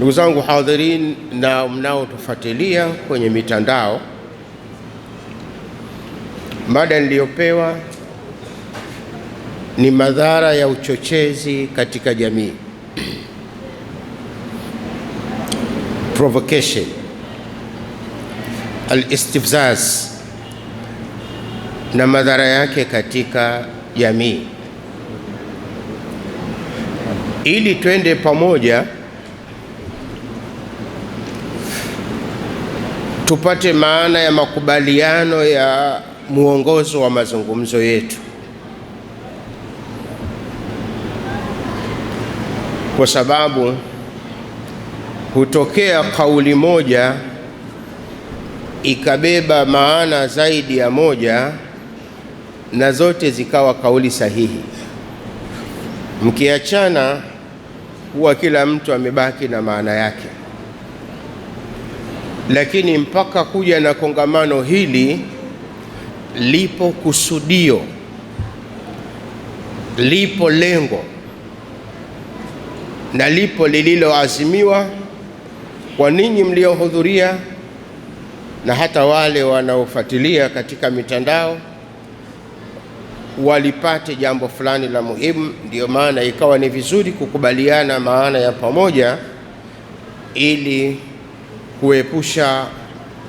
Ndugu zangu hadhirin na mnaotufuatilia kwenye mitandao, mada niliyopewa ni madhara ya uchochezi katika jamii, provocation, alistifzaz na madhara yake katika jamii, ili twende pamoja tupate maana ya makubaliano ya mwongozo wa mazungumzo yetu, kwa sababu hutokea kauli moja ikabeba maana zaidi ya moja na zote zikawa kauli sahihi. Mkiachana huwa kila mtu amebaki na maana yake lakini mpaka kuja na kongamano hili, lipo kusudio, lipo lengo na lipo lililoazimiwa kwa ninyi mliohudhuria na hata wale wanaofuatilia katika mitandao walipate jambo fulani la muhimu. ndio maana ikawa ni vizuri kukubaliana maana ya pamoja ili kuepusha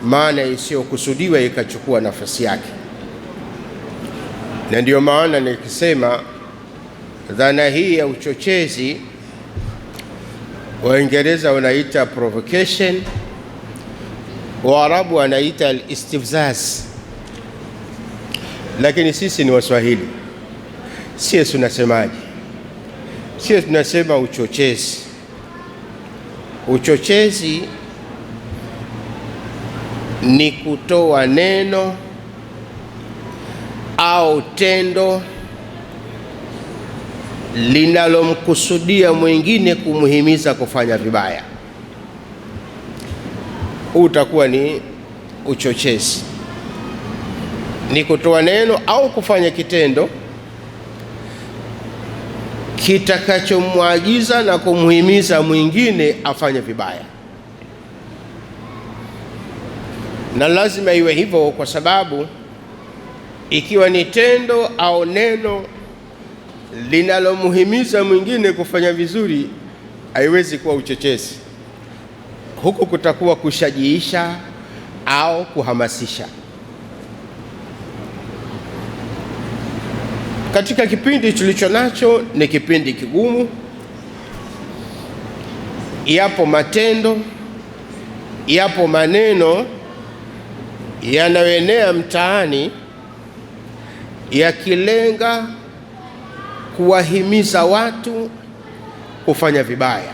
maana isiyokusudiwa ikachukua nafasi yake. Na ndiyo maana nikisema dhana hii ya uchochezi, Waingereza wanaita provocation, Waarabu wanaita al-istifzaz, lakini sisi ni Waswahili, sie tunasemaje? Sie tunasema uchochezi. Uchochezi ni kutoa neno au tendo linalomkusudia mwingine kumhimiza kufanya vibaya. Huu utakuwa ni uchochezi, ni kutoa neno au kufanya kitendo kitakachomwagiza na kumhimiza mwingine afanye vibaya. na lazima iwe hivyo, kwa sababu ikiwa ni tendo au neno linalomhimiza mwingine kufanya vizuri, haiwezi kuwa uchochezi. Huko kutakuwa kushajiisha au kuhamasisha. Katika kipindi tulicho nacho, ni kipindi kigumu. Yapo matendo, yapo maneno yanayoenea mtaani yakilenga kuwahimiza watu kufanya vibaya.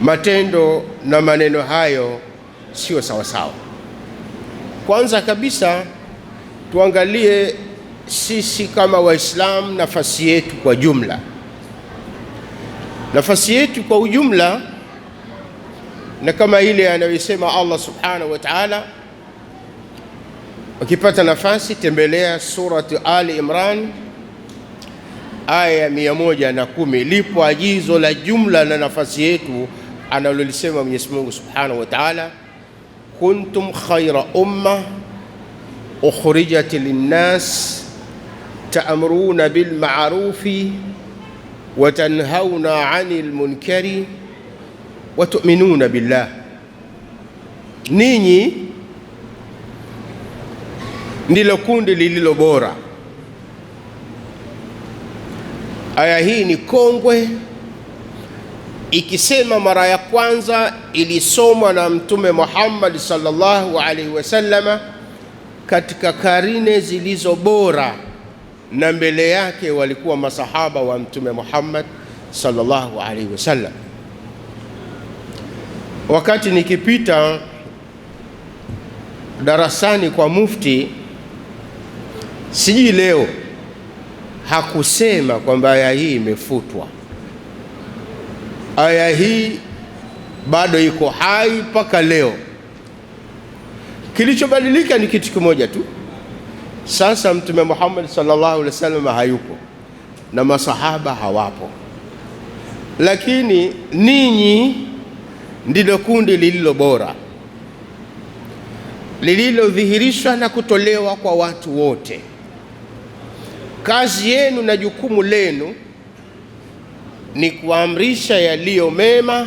Matendo na maneno hayo sio sawasawa. Kwanza kabisa tuangalie sisi kama Waislamu nafasi yetu kwa jumla, nafasi yetu kwa ujumla na kama ile anayosema Allah subhanahu wa ta'ala, ukipata nafasi tembelea surati Ali Imran aya mia moja na kumi. Lipo agizo la jumla na nafasi yetu analolisema Mwenyezi Mungu subhanahu wa ta'ala, kuntum khaira umma ukhrijat linnas ta'muruna bil ma'rufi wa tanhauna 'anil munkari watuminuna billah, ninyi ndilo kundi lililo bora. Aya hii ni kongwe, ikisema mara ya kwanza ilisomwa na Mtume Muhammad sallallahu alaihi wasallama katika karine zilizo bora, na mbele yake walikuwa masahaba wa Mtume Muhammad sallallahu alaihi wasallam. Wakati nikipita darasani kwa mufti, sijui leo hakusema kwamba aya hii imefutwa. Aya hii bado iko hai mpaka leo. Kilichobadilika ni kitu kimoja tu. Sasa Mtume Muhammad sallallahu alaihi wasallam hayupo na masahaba hawapo, lakini ninyi ndilo kundi lililo bora lililodhihirishwa na kutolewa kwa watu wote. Kazi yenu na jukumu lenu ni kuamrisha yaliyo mema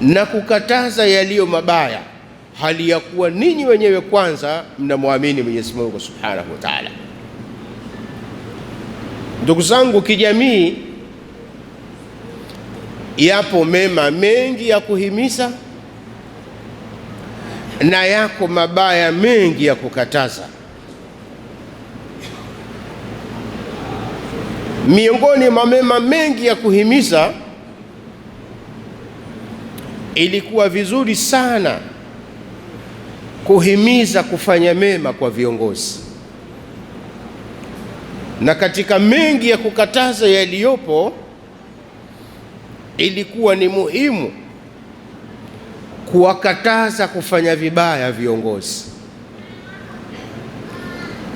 na kukataza yaliyo mabaya, hali ya kuwa ninyi wenyewe kwanza mnamwamini Mwenyezi Mungu Subhanahu wa Ta'ala. Ndugu zangu kijamii Yapo mema mengi ya kuhimiza na yako mabaya mengi ya kukataza. Miongoni mwa mema mengi ya kuhimiza, ilikuwa vizuri sana kuhimiza kufanya mema kwa viongozi, na katika mengi ya kukataza yaliyopo ilikuwa ni muhimu kuwakataza kufanya vibaya viongozi,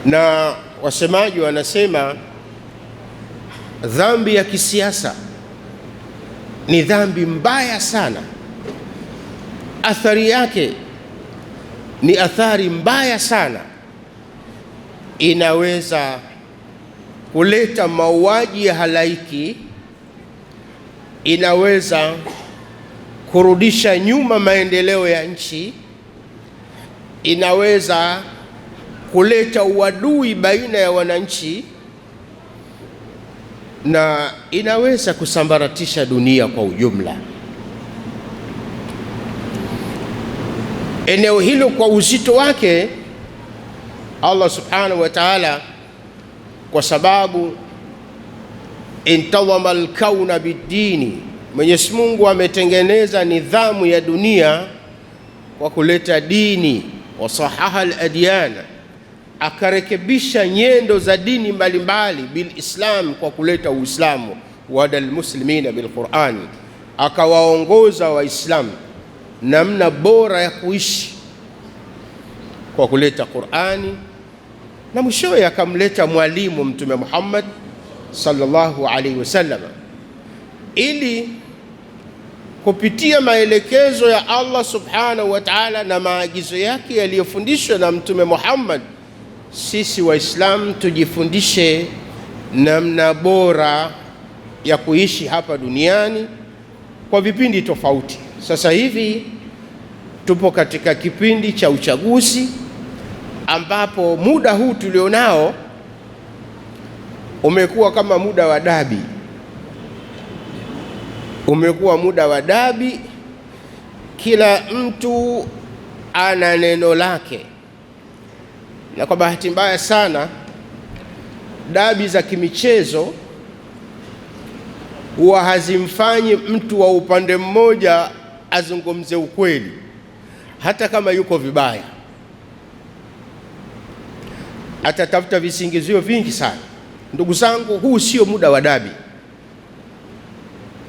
na wasemaji wanasema dhambi ya kisiasa ni dhambi mbaya sana, athari yake ni athari mbaya sana, inaweza kuleta mauaji ya halaiki inaweza kurudisha nyuma maendeleo ya nchi, inaweza kuleta uadui baina ya wananchi na inaweza kusambaratisha dunia kwa ujumla. Eneo hilo kwa uzito wake, Allah subhanahu wa ta'ala, kwa sababu intawama alkauna bidini, Mwenyezi Mungu ametengeneza nidhamu ya dunia kwa kuleta dini. Wasahaha aladyana, akarekebisha nyendo za dini mbalimbali bilislam, kwa kuleta Uislamu. Wada lmuslimina bilqurani, akawaongoza Waislamu namna bora ya kuishi kwa kuleta Qurani, na mwishowe akamleta mwalimu Mtume Muhammad sallallahu alaihi wasallam, ili kupitia maelekezo ya Allah subhanahu wa ta'ala na maagizo yake yaliyofundishwa na Mtume Muhammad, sisi Waislamu tujifundishe namna bora ya kuishi hapa duniani kwa vipindi tofauti. Sasa hivi tupo katika kipindi cha uchaguzi ambapo muda huu tulionao umekuwa kama muda wa dabi, umekuwa muda wa dabi. Kila mtu ana neno lake, na kwa bahati mbaya sana dabi za kimichezo huwa hazimfanyi mtu wa upande mmoja azungumze ukweli, hata kama yuko vibaya, atatafuta visingizio vingi sana Ndugu zangu, huu sio muda wa dabi,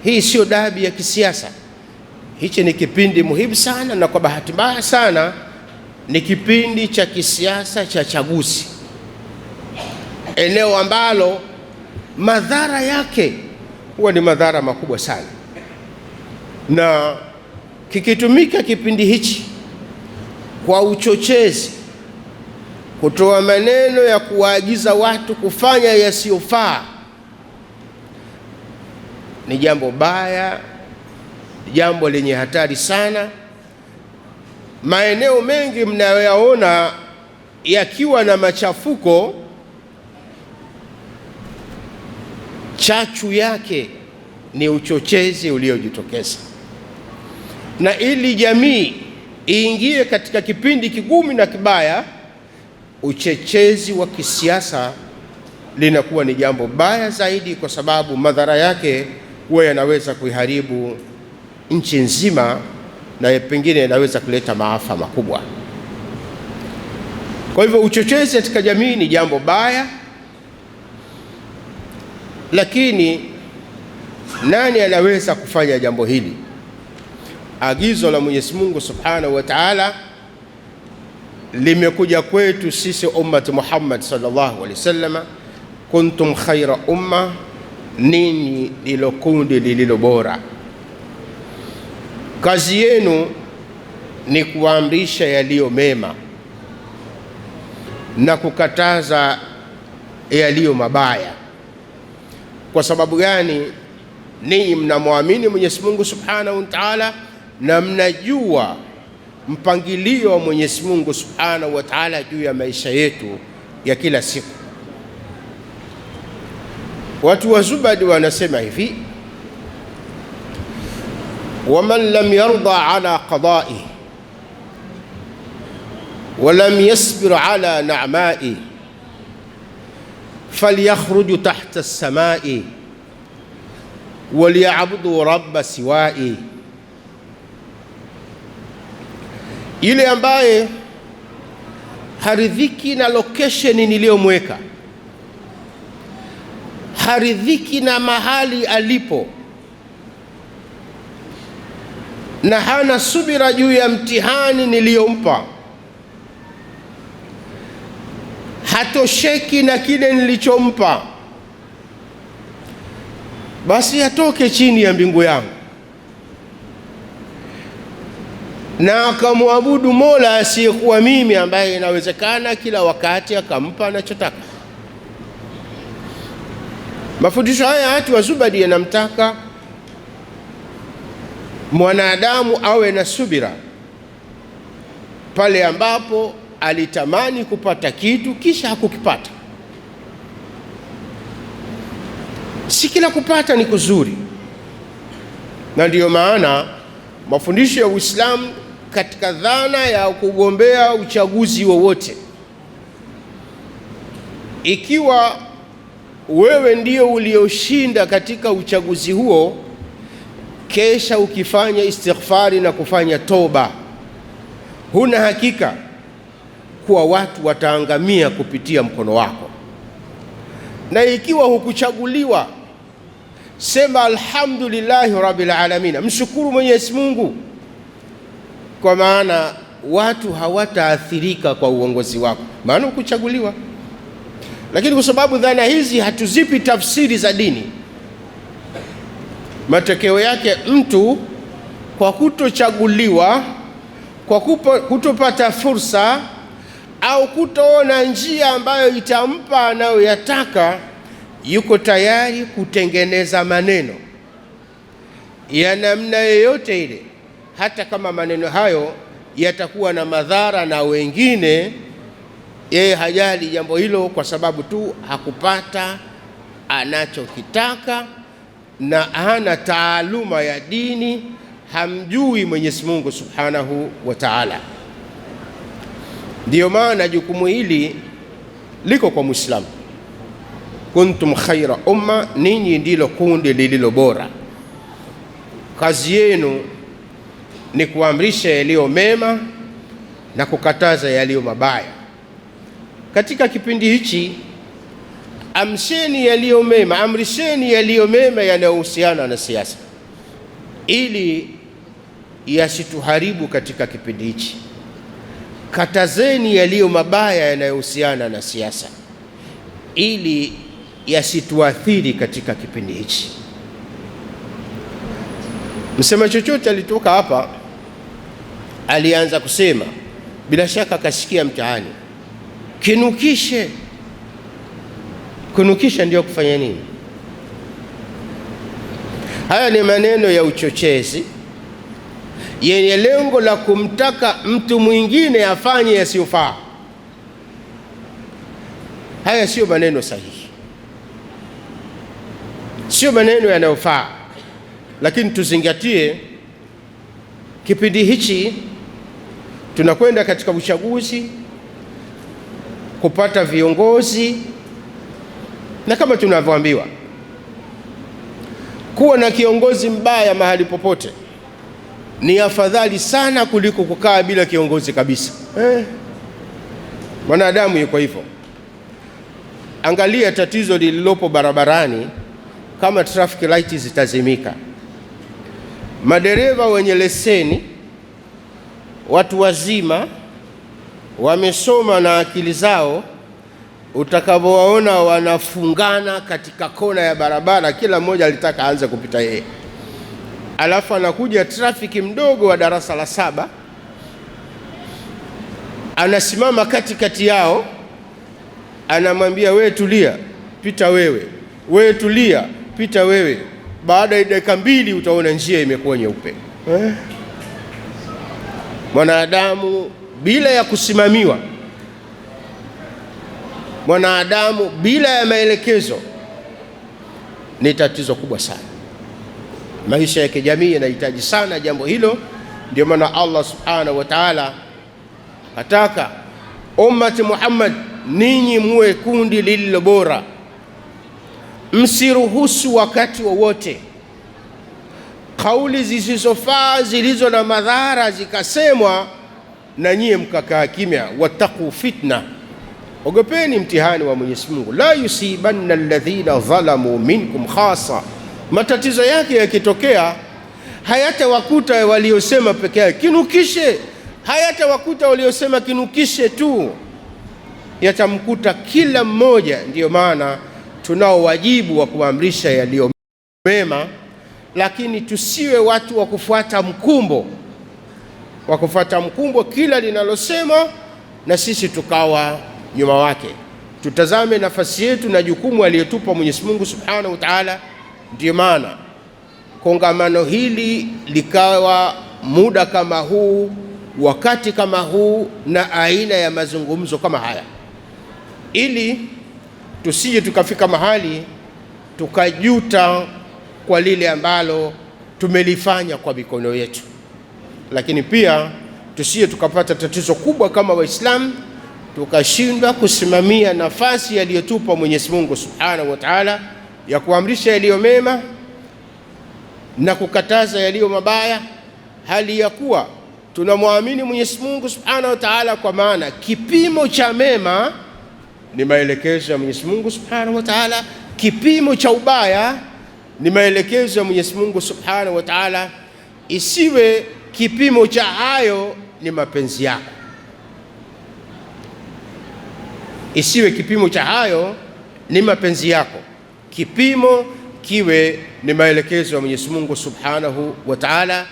hii sio dabi ya kisiasa. Hichi ni kipindi muhimu sana, na kwa bahati mbaya sana ni kipindi cha kisiasa cha chaguzi, eneo ambalo madhara yake huwa ni madhara makubwa sana, na kikitumika kipindi hichi kwa uchochezi kutoa maneno ya kuwaagiza watu kufanya yasiyofaa ni jambo baya, jambo lenye hatari sana. Maeneo mengi mnayoyaona yakiwa na machafuko, chachu yake ni uchochezi uliojitokeza, na ili jamii iingie katika kipindi kigumu na kibaya uchechezi wa kisiasa linakuwa ni jambo baya zaidi, kwa sababu madhara yake huwa yanaweza kuiharibu nchi nzima na pengine yanaweza kuleta maafa makubwa. Kwa hivyo uchochezi katika jamii ni jambo baya, lakini nani anaweza kufanya jambo hili? Agizo la Mwenyezi Mungu Subhanahu wa Ta'ala limekuja kwetu sisi ummati Muhammad sallallahu alaihi wasallam, kuntum khaira umma, ninyi ndilo kundi lililo bora. Kazi yenu ni kuamrisha yaliyo mema na kukataza yaliyo mabaya. Kwa sababu gani? Ninyi mnamwamini Mwenyezi Mungu subhanahu wa taala na mnajua mpangilio wa Mwenyezi Mungu Subhanahu wa Ta'ala juu ya maisha yetu ya kila siku. Watu wa Zubadi wanasema hivi, waman lam yarda ala qada'i wa lam yasbir ala na'ma'i falyakhruju tahta as-sama'i walyabudu rabba siwa'i Yule ambaye haridhiki na location niliyomweka, haridhiki na mahali alipo, na hana subira juu ya mtihani niliyompa, hatosheki na kile nilichompa, basi atoke chini ya mbingu yangu na akamwabudu Mola asiyekuwa mimi, ambaye inawezekana kila wakati akampa anachotaka. Mafundisho haya hatu wa Zubadi yanamtaka mwanadamu awe na subira pale ambapo alitamani kupata kitu kisha hakukipata. Si kila kupata ni kuzuri, na ndiyo maana mafundisho ya Uislamu katika dhana ya kugombea uchaguzi wowote. Ikiwa wewe ndio ulioshinda katika uchaguzi huo, kesha ukifanya istighfari na kufanya toba, huna hakika kuwa watu wataangamia kupitia mkono wako. Na ikiwa hukuchaguliwa, sema alhamdulillahi rabbil alamin, mshukuru Mwenyezi Mungu kwa maana watu hawataathirika kwa uongozi wako, maana ukuchaguliwa. Lakini kwa sababu dhana hizi hatuzipi tafsiri za dini, matokeo yake mtu kwa kutochaguliwa, kwa kutopata fursa au kutoona njia ambayo itampa anayoyataka, yuko tayari kutengeneza maneno ya namna yoyote ile hata kama maneno hayo yatakuwa na madhara na wengine, yeye hajali jambo hilo, kwa sababu tu hakupata anachokitaka na hana taaluma ya dini, hamjui Mwenyezi Mungu Subhanahu wa Ta'ala. Ndiyo maana jukumu hili liko kwa Muislamu. Kuntum khaira umma, ninyi ndilo kundi lililo bora. Kazi yenu ni kuamrisha yaliyo mema na kukataza yaliyo mabaya. Katika kipindi hichi, amsheni yaliyo mema, amrisheni yaliyo mema yanayohusiana na siasa, ili yasituharibu katika kipindi hichi. Katazeni yaliyo mabaya yanayohusiana na siasa, ili yasituathiri katika kipindi hichi. Msema chochote alitoka hapa alianza kusema, bila shaka akasikia mtaani, kinukishe. Kunukisha ndio kufanya nini? Haya ni maneno ya uchochezi yenye lengo la kumtaka mtu mwingine afanye yasiyofaa. Haya siyo maneno sahihi, siyo maneno yanayofaa, lakini tuzingatie kipindi hichi Tunakwenda katika uchaguzi kupata viongozi, na kama tunavyoambiwa, kuwa na kiongozi mbaya mahali popote ni afadhali sana kuliko kukaa bila kiongozi kabisa. Eh, mwanadamu yuko hivyo. Angalia tatizo lililopo barabarani, kama traffic light zitazimika, madereva wenye leseni watu wazima wamesoma na akili zao, utakapowaona wanafungana katika kona ya barabara, kila mmoja alitaka aanze kupita yeye, alafu anakuja trafiki mdogo wa darasa la saba anasimama katikati yao, anamwambia wewe, tulia, pita wewe, wewe tulia, pita wewe. Baada ya dakika mbili utaona njia imekuwa nyeupe eh? mwanadamu bila ya kusimamiwa, mwanadamu bila ya maelekezo ni tatizo kubwa sana. Maisha ya kijamii yanahitaji sana jambo hilo. Ndio maana Allah subhanahu wa ta'ala ataka ummati Muhammad, ninyi muwe kundi lililo bora, msiruhusu wakati wowote wa kauli zisizofaa zilizo na madhara zikasemwa, na nyie mkakaa kimya. Wattaqu fitna, ogopeni mtihani wa Mwenyezi Mungu. La yusibanna alladhina dhalamu minkum khasa, matatizo yake yakitokea hayatawakuta waliosema peke yake kinukishe, hayatawakuta waliosema kinukishe tu, yatamkuta kila mmoja. Ndiyo maana tunao wajibu wa kuamrisha yaliyo mema lakini tusiwe watu wa kufuata mkumbo, wa kufuata mkumbo kila linalosema na sisi tukawa nyuma wake. Tutazame nafasi yetu na jukumu aliyotupa Mwenyezi Mungu Subhanahu wa Ta'ala. Ndiyo maana kongamano hili likawa muda kama huu, wakati kama huu, na aina ya mazungumzo kama haya, ili tusije tukafika mahali tukajuta kwa lile ambalo tumelifanya kwa mikono yetu, lakini pia tusije tukapata tatizo kubwa kama Waislamu tukashindwa kusimamia nafasi aliyotupa Mwenyezi Mungu Subhanahu wa Ta'ala ya kuamrisha yaliyo mema na kukataza yaliyo mabaya, hali ya kuwa tunamwamini Mwenyezi Mungu Subhanahu wa Ta'ala, kwa maana kipimo cha mema ni maelekezo ya Mwenyezi Mungu Subhanahu wa Ta'ala, kipimo cha ubaya ni maelekezo ya Mwenyezi Mungu Subhanahu wa Ta'ala, isiwe kipimo cha hayo ni mapenzi yako, isiwe kipimo cha hayo ni mapenzi yako. Kipimo kiwe ni maelekezo ya Mwenyezi Mungu Subhanahu wa Ta'ala,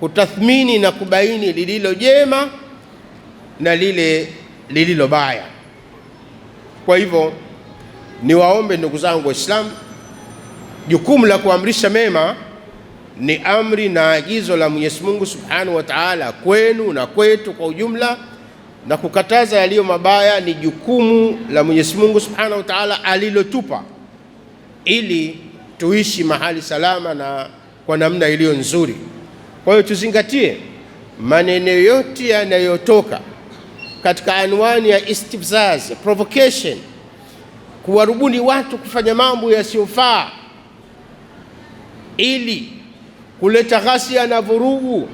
kutathmini na kubaini lililo jema na lile lililo baya. Kwa hivyo niwaombe ndugu zangu Waislamu Jukumu la kuamrisha mema ni amri na agizo la Mwenyezi Mungu Subhanahu wa Ta'ala kwenu na kwetu kwa ujumla, na kukataza yaliyo mabaya ni jukumu la Mwenyezi Mungu Subhanahu wa Ta'ala alilotupa ili tuishi mahali salama na kwa namna iliyo nzuri. Kwa hiyo tuzingatie maneno yote yanayotoka katika anwani ya istifzaz, provocation, kuwarubuni watu kufanya mambo yasiyofaa ili kuleta ghasia na vurugu.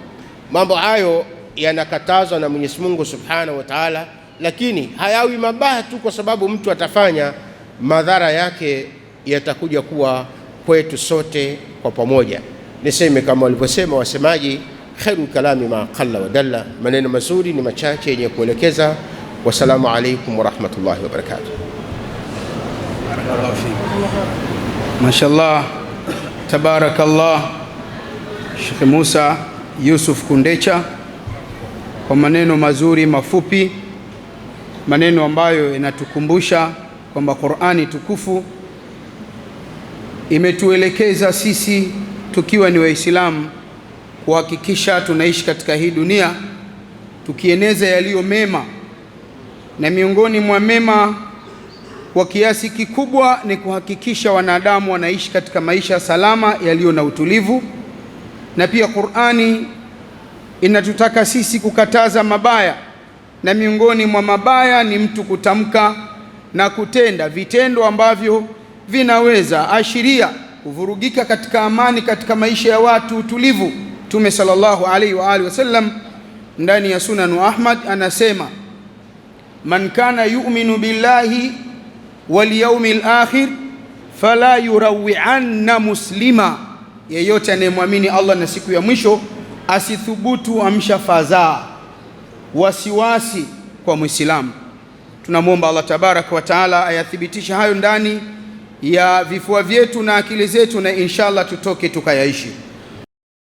Mambo hayo yanakatazwa na Mwenyezi Mungu Subhanahu wa Ta'ala, lakini hayawi mabaya tu kwa sababu mtu atafanya, madhara yake yatakuja kuwa kwetu sote kwa pamoja. Niseme kama walivyosema wasemaji, khairu kalami ma qalla wa dalla, maneno mazuri ni machache yenye kuelekeza. Wassalamu alaikum warahmatullahi wabarakatuh. Mashallah. Tabarakallah Sheikh Musa Yusuf Kundecha kwa maneno mazuri mafupi, maneno ambayo yanatukumbusha kwamba Qur'ani tukufu imetuelekeza sisi tukiwa ni Waislamu kuhakikisha tunaishi katika hii dunia tukieneza yaliyo mema, na miongoni mwa mema kwa kiasi kikubwa ni kuhakikisha wanadamu wanaishi katika maisha salama yaliyo na utulivu, na pia Qur'ani inatutaka sisi kukataza mabaya, na miongoni mwa mabaya ni mtu kutamka na kutenda vitendo ambavyo vinaweza ashiria kuvurugika katika amani katika maisha ya watu, utulivu. Mtume sallallahu alaihi wa alihi wasallam ndani ya Sunanu Ahmad anasema man kana yu'minu billahi yaumil akhir fala yurawianna muslima, yeyote anayemwamini Allah na siku ya mwisho asithubutu amsha fadhaa wasiwasi kwa Mwislamu. Tunamwomba Allah tabaraka wa taala ayathibitishe hayo ndani ya vifua vyetu na akili zetu, na inshallah tutoke tukayaishi.